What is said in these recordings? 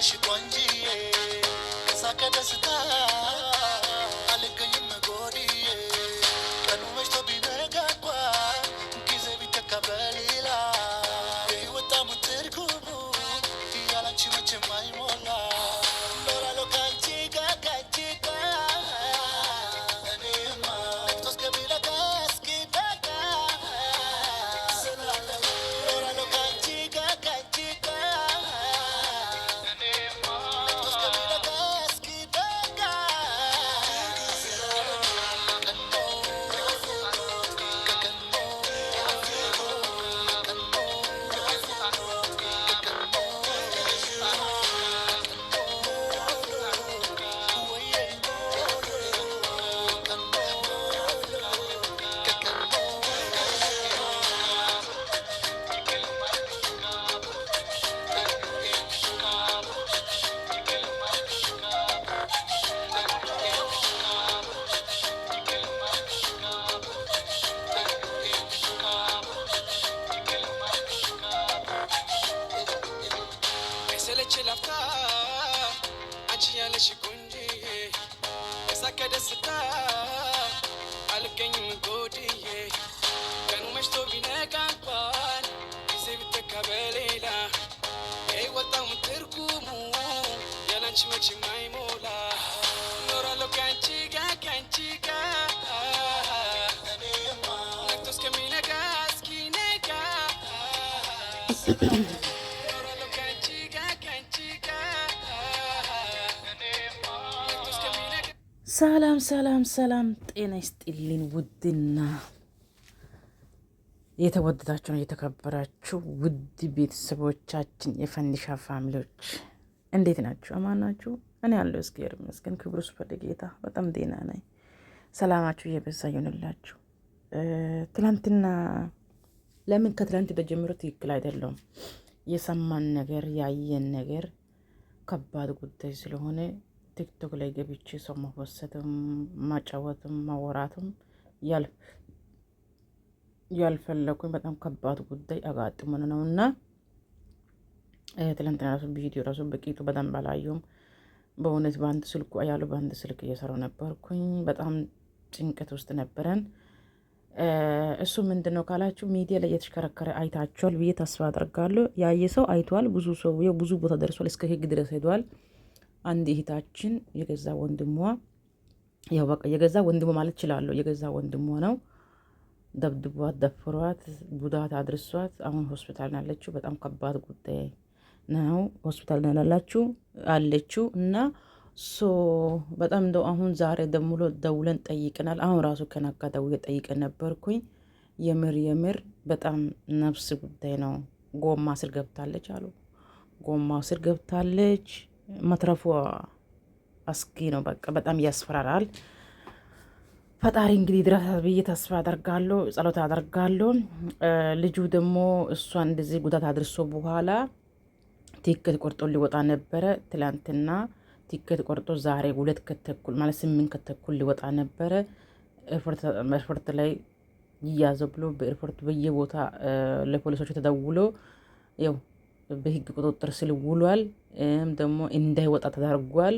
ነሽ ቆንጂዬ ሳቀ ደስታ አልገኝም ያለች ላፍታ አንቺ ያለሽ ቁንጂ እሳከ ደስታ አልገኝም ጎድዬ ቀኑ መሽቶ ቢነጋ እንኳን ጊዜ ቢተካ በሌላ የወጣሙ ትርጉሙ ያላንቺ መች ማይሞላ ኖራለሁ ከአንቺ ጋ ከአንቺ ጋ ነግቶ እስከሚነጋ እስኪነጋ ሰላም ሰላም ሰላም፣ ጤና ይስጥልኝ ውድና የተወደዳችሁ ነው የተከበራችሁ ውድ ቤተሰቦቻችን የፈንዲሻ ፋሚሊዎች እንዴት ናችሁ? አማን ናችሁ? እኔ ያለው እግዚአብሔር ይመስገን፣ ክብሩ ስፈደ ጌታ በጣም ጤና ነኝ። ሰላማችሁ እየበዛ ይሆንላችሁ። ትላንትና ለምን ከትላንት ጀምሮ ትክክል አይደለውም? የሰማን ነገር ያየን ነገር ከባድ ጉዳይ ስለሆነ ቲክቶክ ላይ ገብቼ ሰው መወሰድም ማጫወትም ማወራትም ያልፈለኩኝ በጣም ከባድ ጉዳይ አጋጥሞን ነው እና ትላንትና ራሱ ቪዲዮ ራሱ በቂቱ በጣም ባላየውም በእውነት በአንድ ስልኩ ያሉ በአንድ ስልክ እየሰራው ነበርኩኝ። በጣም ጭንቀት ውስጥ ነበረን። እሱ ምንድን ነው ካላችሁ ሚዲያ ላይ እየተሽከረከረ አይታችኋል ብዬ ተስፋ አደርጋለሁ። ያየ ሰው አይተዋል። ብዙ ሰው ብዙ ቦታ ደርሷል። እስከ ህግ ድረስ ሄደዋል። አንድ እህታችን የገዛ ወንድሟ ያው በቃ የገዛ ወንድሟ ማለት እችላለሁ፣ የገዛ ወንድሟ ነው ደብድቧት፣ ደፍሯት፣ ጉዳት አድርሷት አሁን ሆስፒታል ያለችው በጣም ከባድ ጉዳይ ነው። ሆስፒታል ያላላችሁ አለችው እና ሶ በጣም እንደው አሁን ዛሬ ደውሎ ደውለን ጠይቀናል። አሁን ራሱ ከናጋ ደውዬ ጠይቀን ነበርኩኝ። የምር የምር በጣም ነፍስ ጉዳይ ነው። ጎማ ስር ገብታለች አሉ። ጎማ ስር ገብታለች። መትረፉ አስጊ ነው። በቃ በጣም ያስፈራራል። ፈጣሪ እንግዲህ ድረስ ብዬ ተስፋ አደርጋለሁ፣ ጸሎት አደርጋለሁ። ልጁ ደግሞ እሷን እንደዚህ ጉዳት አድርሶ በኋላ ቲኬት ቆርጦ ሊወጣ ነበረ ትላንትና። ቲኬት ቆርጦ ዛሬ ሁለት ከተኩል ማለት ስምንት ከተኩል ሊወጣ ነበረ። ኤርፖርት ላይ ይያዘ ብሎ በኤርፖርት በየቦታ ለፖሊሶች ተደውሎ ያው በህግ ቁጥጥር ስር ውሏል። ደግሞ እንዳይወጣ ተደርጓል።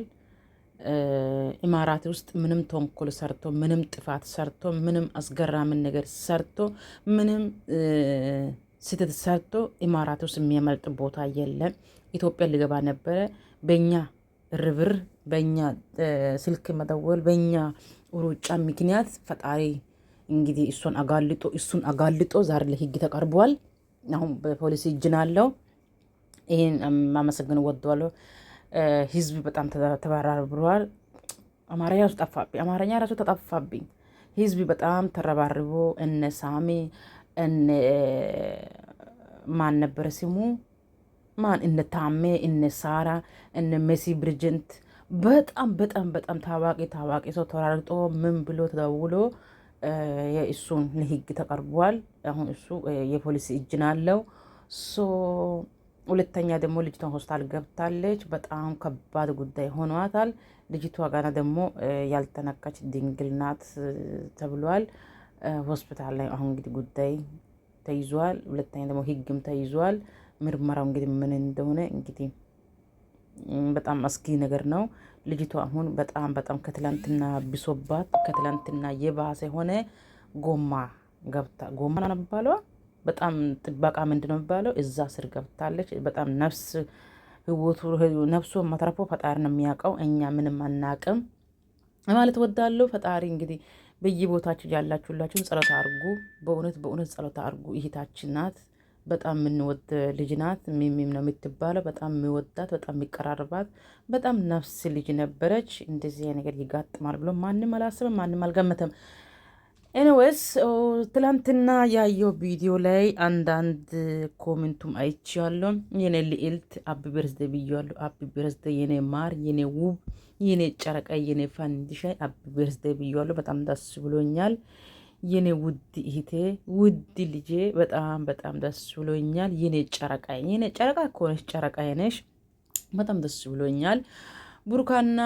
ኢማራት ውስጥ ምንም ተንኮል ሰርቶ ምንም ጥፋት ሰርቶ ምንም አስገራሚ ነገር ሰርቶ ምንም ስህተት ሰርቶ ኢማራት ውስጥ የሚያመልጥ ቦታ የለም። ኢትዮጵያ ሊገባ ነበረ። በእኛ ርብር፣ በእኛ ስልክ መደወል፣ በእኛ ሩጫ ምክንያት ፈጣሪ እንግዲህ እሱን አጋልጦ እሱን አጋልጦ ዛሬ ለህግ ተቀርቧል። አሁን በፖሊስ እጅን አለው። ይህን ማመሰግን ወደዋለሁ። ህዝብ በጣም ተባራብረዋል። አማርኛ ራሱ ጠፋብኝ። አማርኛ ራሱ ተጠፋብኝ። ህዝብ በጣም ተረባርቦ እነ ሳሚ እነ ማን ነበረ ስሙ ማን እነ ታሜ እነ ሳራ እነ መሲ ብርጅንት በጣም በጣም በጣም ታዋቂ ታዋቂ ሰው ተራርጦ ምን ብሎ ተደውሎ እሱን ለህግ ተቀርቧል። አሁን እሱ የፖሊስ እጅን አለው። ሁለተኛ ደግሞ ልጅቷን ሆስፒታል ገብታለች። በጣም ከባድ ጉዳይ ሆኗታል። ልጅቷ ጋና ደግሞ ያልተነካች ድንግል ናት ተብሏል። ሆስፒታል ላይ አሁን እንግዲህ ጉዳይ ተይዟል። ሁለተኛ ደግሞ ህግም ተይዟል። ምርመራው እንግዲህ ምን እንደሆነ እንግዲህ በጣም አስጊ ነገር ነው። ልጅቷ አሁን በጣም በጣም ከትላንትና ብሶባት ከትላንትና የባሰ ሆነ። ጎማ ገብታ ጎማ ነው በጣም ጥበቃ ምንድን ነው የሚባለው? እዛ ስር ገብታለች። በጣም ነፍስ ህይወቱ ነፍሱ የማትረፈው ፈጣሪ ነው የሚያውቀው፣ እኛ ምንም አናቅም ማለት ወዳለሁ። ፈጣሪ እንግዲህ በየቦታችሁ ያላችሁላችሁን ጸሎት አርጉ። በእውነት በእውነት ጸሎት አርጉ። ይሄታችን ናት። በጣም የምንወድ ልጅ ናት። ሚሚም ነው የምትባለው። በጣም የሚወዳት በጣም የሚቀራርባት በጣም ነፍስ ልጅ ነበረች። እንደዚህ ነገር ይጋጥማል ብሎ ማንም አላስብም፣ ማንም አልገመተም። ኤኒዌይስ ትላንትና ያየው ቪዲዮ ላይ አንዳንድ ኮሜንቱም አይቼዋለሁ። የኔ ልዕልት ሃፒ በርዝዴ ብያለሁ። ሃፒ በርዝዴ የኔ ማር፣ የኔ ውብ፣ የኔ ጨረቃ፣ የኔ ፋንዲሻ ሃፒ በርዝዴ ብያለሁ። በጣም ደስ ብሎኛል። የኔ ውድ እህቴ፣ ውድ ልጄ በጣም በጣም ደስ ብሎኛል። የኔ ጨረቃ የኔ ጨረቃ ከሆነች ጨረቃ ነሽ። በጣም ደስ ብሎኛል። ቡሩካና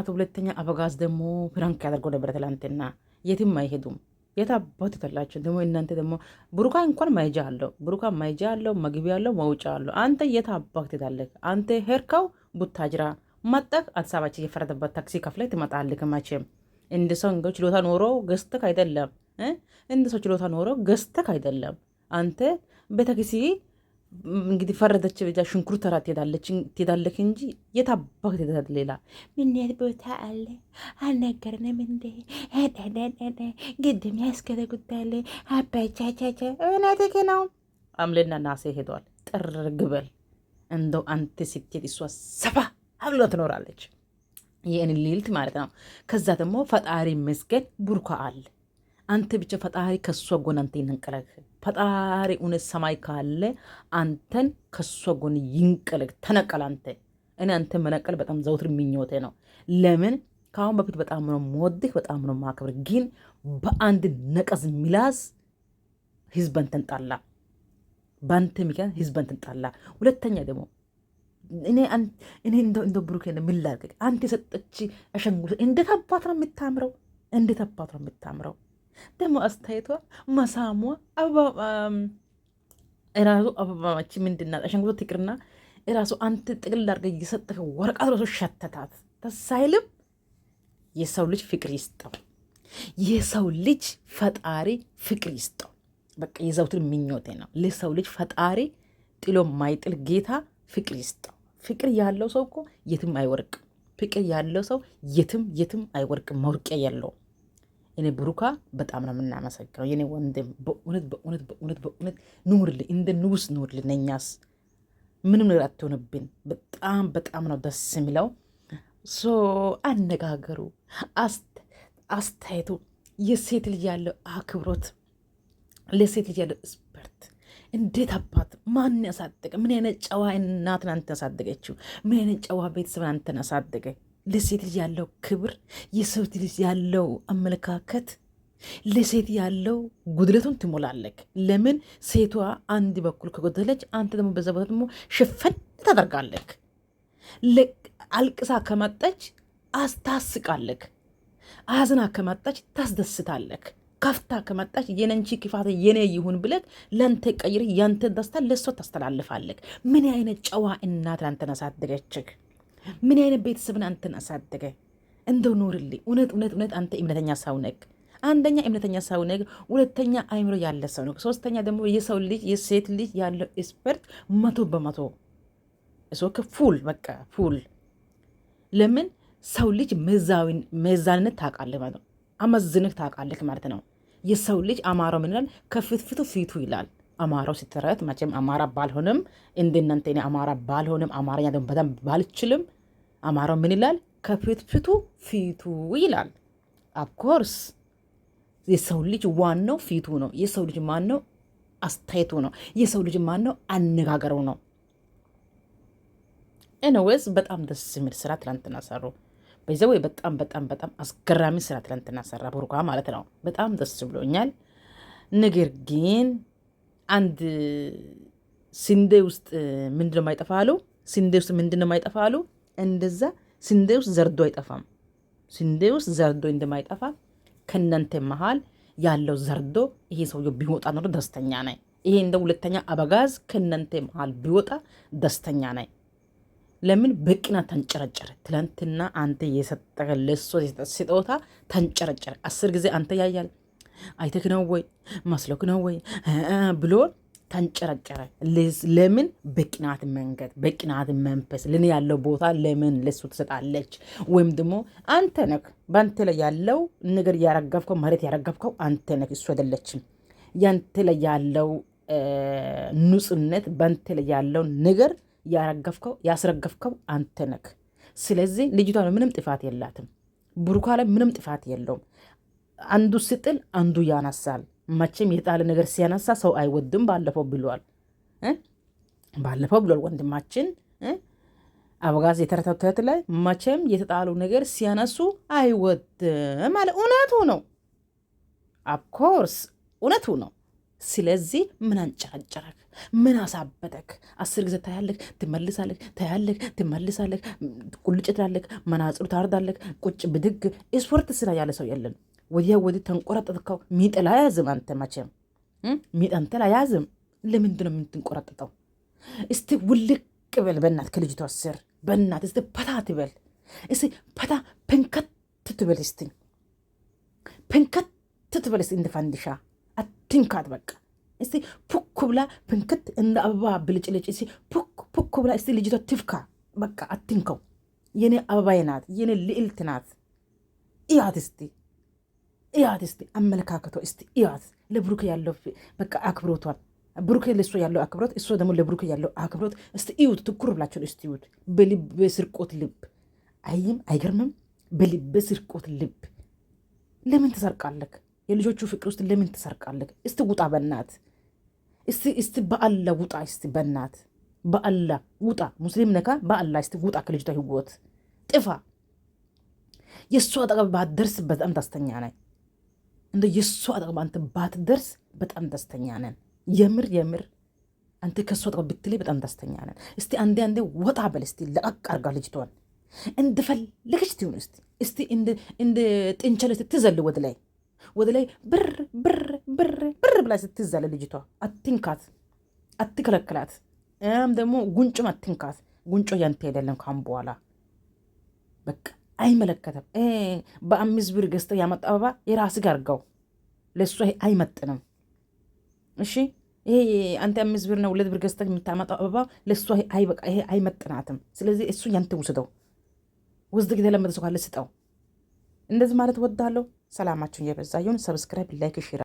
አቶ ሁለተኛ አበጋዝ ደግሞ ፕራንክ ያደርገው ነበረ ትላንትና የትም አይሄዱም። የት የታባት ተላቸው ደግሞ እናንተ ደግሞ ብሩካ እንኳን ማይጃ አለው ብሩካ ማይጃ አለው መግቢያ አለው መውጫ አለው። አንተ የት የታባት ትታለክ? አንተ ሄርከው ቡታጅራ መጠቅ አዲስ አበባች የፈረደበት ታክሲ ከፍለህ ትመጣለህ። መቼም እንደ ሰው ችሎታ ኖሮ ገዝተህ አይደለም እንደ ሰው ችሎታ ኖሮ ገዝተህ አይደለም አንተ በታክሲ እንግዲህ ፈረደች። በጃ ሽንኩር ተራ ትሄዳለች እንጂ የታባክ ትሄዳለች። ሌላ ምንት ቦታ አለ አልነገርንም እንዴ? ግድም ያስከተ ጉዳይ አባቻቻቻ እውነትህ ነው። አምሌና ናሴ ሄደዋል። ጥር ግበል እንደው አንተ ስትሄድ እሷ ሰፋ አብሎ ትኖራለች። ይህን ሊልት ማለት ነው። ከዛ ደግሞ ፈጣሪ መስገን ቡርኳ አለ አንተ ብቻ ፈጣሪ ከሷ ጎን አንተ ይንቀለግ። ፈጣሪ እውነት ሰማይ ካለ አንተን ከሷ ጎን ይንቀለግ። ተነቀል አንተ። እኔ አንተ መነቀል በጣም ዘውትር የሚኞቴ ነው። ለምን ከአሁን በፊት በጣም ነው መወድህ፣ በጣም ነው ማክብር፣ ግን በአንድ ነቀዝ ሚላስ ህዝብ አንተን ጣላ። በአንተ ምክንያት ህዝብ አንተን ጣላ። ሁለተኛ ደግሞ እኔ እንደ ብሩክ ምን ላድርግ? አንተ የሰጠች አሸንጉ እንዴት አባት ነው የምታምረው! እንዴት አባት ነው የምታምረው! ደግሞ አስተያየቷ መሳሟ ራሱ አባባማች ምንድናት አሻንጉሊት ትቅርና ራሱ አንተ ጥቅል አድርገህ እየሰጠህ ወረቀት ራሱ ሸተታት። ተሳይልም የሰው ልጅ ፍቅር ይስጠው። የሰው ልጅ ፈጣሪ ፍቅር ይስጠው። በቃ የዘውትር ምኞቴ ነው። ለሰው ልጅ ፈጣሪ ጥሎ ማይጥል ጌታ ፍቅር ይስጠው። ፍቅር ያለው ሰው እኮ የትም አይወርቅም። ፍቅር ያለው ሰው የትም የትም አይወርቅም። መውርቂያ ያለው እኔ ብሩካ በጣም ነው የምናመሰግነው። የኔ ወንድም በእውነት በእውነት በእውነት በእውነት ኑርልን፣ እንደ ንጉስ ኑርልን። እኛስ ምንም ነገር አትሆንብን። በጣም በጣም ነው ደስ የሚለው። ሶ አነጋገሩ፣ አስተያየቱ፣ የሴት ልጅ ያለው አክብሮት፣ ለሴት ልጅ ያለው ስፐርት እንዴት አባት ማን ያሳደገ? ምን አይነት ጨዋ እናትን አንተን ያሳደገችው? ምን አይነት ጨዋ ቤተሰብን አንተን ያሳደገ? ለሴት ልጅ ያለው ክብር፣ የሰው ልጅ ያለው አመለካከት ለሴት ያለው ጉድለቱን ትሞላለክ። ለምን ሴቷ አንድ በኩል ከጎደለች፣ አንተ ደግሞ በዛ ቦታ ደግሞ ሽፈን ታደርጋለክ። አልቅሳ ከመጣች አስታስቃለክ። አዝና ከመጣች ታስደስታለክ። ከፍታ ከመጣች የነንቺ ክፋት የኔ ይሁን ብለክ ለንተ ቀይር ያንተ ደስታ ለሷ ታስተላልፋለክ። ምን አይነት ጨዋ እናት ላንተን አሳደገችክ። ምን አይነት ቤተሰብን አንተን አሳደገ? እንደው ኑርልኝ። እውነት እውነት እውነት አንተ እምነተኛ ሰው ነግ አንደኛ እምነተኛ ሰው ነግ፣ ሁለተኛ አይምሮ ያለ ሰው ነግ፣ ሶስተኛ ደግሞ የሰው ልጅ የሴት ልጅ ያለው ኤክስፐርት መቶ በመቶ እሶከ ፉል በቃ ፉል። ለምን ሰው ልጅ መዛንነት ታውቃለህ ማለት ነው። አመዝንህ ታውቃለህ ማለት ነው። የሰው ልጅ አማረው ምንላል ከፍትፍቱ ፊቱ ይላል። አማራው ሲተረት መቼም አማራ ባልሆንም እንደናንተ እኔ አማራ ባልሆንም አማርኛ ደግሞ በጣም ባልችልም አማራው ምን ይላል? ከፊትፊቱ ፊቱ ይላል። አፍኮርስ የሰው ልጅ ዋናው ፊቱ ነው። የሰው ልጅ ማን ነው? አስተያየቱ ነው። የሰው ልጅ ማን ነው? ነው። ኤንዌይስ በጣም ደስ የሚል ስራ ትላንትና ሰሩ። በዚያ ወይ በጣም በጣም በጣም አስገራሚ ስራ ትላንትና ሰራ ቡሩካ ማለት ነው። በጣም ደስ ብሎኛል። ነገር ግን አንድ ስንዴ ውስጥ ምንድን ነው የማይጠፋ ስንዴ ውስጥ ምንድን ነው የማይጠፋ እንደዛ ስንዴ ውስጥ ዘርዶ አይጠፋም። ስንዴ ውስጥ ዘርዶ እንደማይጠፋ ከእናንተ መሀል ያለው ዘርዶ ይሄ ሰውዬው ቢወጣ ኖሮ ደስተኛ ነኝ። ይሄ እንደ ሁለተኛ አበጋዝ ከእናንተ መሀል ቢወጣ ደስተኛ ነኝ። ለምን በቅና ተንጨረጨረ? ትላንትና አንተ የሰጠ ለሶ ስጦታ ተንጨረጨረ። አስር ጊዜ አንተ ያያል አይተክ ነው ወይ መስሎክ ነው ወይ ብሎ ተንጨረጨረ። ለምን? በቅናት መንገድ በቅናት መንፈስ ልን ያለው ቦታ ለምን ለሱ ትሰጣለች? ወይም ደግሞ አንተ ነክ በአንተ ላይ ያለው ነገር ያረገፍከው መሬት ያረገፍከው አንተ ነክ፣ እሱ አይደለችም። ያንተ ላይ ያለው ንጹህነት፣ በአንተ ላይ ያለው ነገር ያረገፍከው ያስረገፍከው አንተ ነክ። ስለዚህ ልጅቷ ምንም ጥፋት የላትም። ብሩካ ላይ ምንም ጥፋት የለውም። አንዱ ስጥል አንዱ ያነሳል። መቼም የጣለ ነገር ሲያነሳ ሰው አይወድም። ባለፈው ብሏል፣ ባለፈው ብሏል ወንድማችን አበጋዝ የተረተተት ላይ መቼም የተጣሉ ነገር ሲያነሱ አይወድም አለ። እውነቱ ነው፣ አፍኮርስ እውነቱ ነው። ስለዚህ ምን አንጨረጨረክ? ምን አሳበጠክ? አስር ጊዜ ታያለክ፣ ትመልሳለክ፣ ታያለክ፣ ትመልሳለክ፣ ቁልጭ ትላለክ፣ መናጽሩ ታርዳለክ፣ ቁጭ ብድግ። ስፖርት ስራ ያለ ሰው የለም። ወዲያ ወዲህ ተንቆረጠጥከው። ሚጥል አያዝም። አንተ መቼም ሚጥ አንተን አያዝም። ለምንድን ነው የምትንቆረጠጠው? እስቲ ውልቅ በል በእናት ከልጅቷ ስር በእናት እስቲ ፈታ ትበል እስቲ ፈታ ፐንከት ትበል እስቲ ፐንከት ትበል እስቲ እንደ ፋንዲሻ አትንካት በቃ እስቲ ፑክ ብላ ፐንከት እንደ አበባ ብልጭልጭ እስቲ ፑክ ፑክ ብላ እስቲ ልጅቷ ትፍካ በቃ አትንከው። የኔ አበባይ ናት፣ የኔ ልዕልት ናት። እያት እስቲ እያት እስቲ አመለካከቷ እስቲ እያት ለብሩክ ያለው በቃ አክብሮቷል። ብሩክ ለእሷ ያለው አክብሮት፣ እሷ ደግሞ ለብሩክ ያለው አክብሮት እስቲ እዩት። ትኩር ብላቸው እስቲ እዩት። በልብ ስርቆት ልብ አይም አይገርምም? በልብ ስርቆት ልብ ለምን ትሰርቃለክ? የልጆቹ ፍቅር ውስጥ ለምን ትሰርቃለክ? እስቲ ውጣ በናት እስቲ በአላ ውጣ እስቲ በናት በአላ ውጣ። ሙስሊም ነካ በአላ እስቲ ውጣ ከልጅቷ ህይወት ጥፋ። የእሷ ጠቀብ ባደርስ በጣም ታስተኛ ናይ እንደ የእሷ አጠገብ አንተ ባትደርስ በጣም ደስተኛ ነን። የምር የምር አንተ ከእሷ አጠገብ ብትለይ በጣም ደስተኛ ነን። እስቲ አንዴ አንዴ ወጣ በል እስቲ ለቀቅ አርጋ ልጅቷን እንደፈለገች ትሆን እስቲ እስቲ እንደ ጥንቸል ስትዘል ወደ ላይ ወደ ላይ ብር ብር ብር ብር ብላ ስትዘለ ልጅቷ አትንካት፣ አትከለክላት። ያም ደግሞ ጉንጭም አትንካት። ጉንጮ ያንተ አይደለም ካሁን በኋላ በቃ አይመለከተም። በአምስት ብር ገዝተ ያመጣ አበባ የራስ ጋር አድርገው፣ ለእሱ አይመጥንም። እሺ ይሄ አንተ አምስት ብር ነው ሁለት ብር ገዝተህ የምታመጣው አበባ ለእሱ አይበቃ፣ ይሄ አይመጥናትም። ስለዚህ እሱ ያንተ ውስደው ውስድ ጊዜ ለመደሰ ስጠው። እንደዚህ ማለት ወዳለሁ። ሰላማችሁን የበዛ ይሁን። ሰብስክራይብ፣ ላይክ፣ ሼር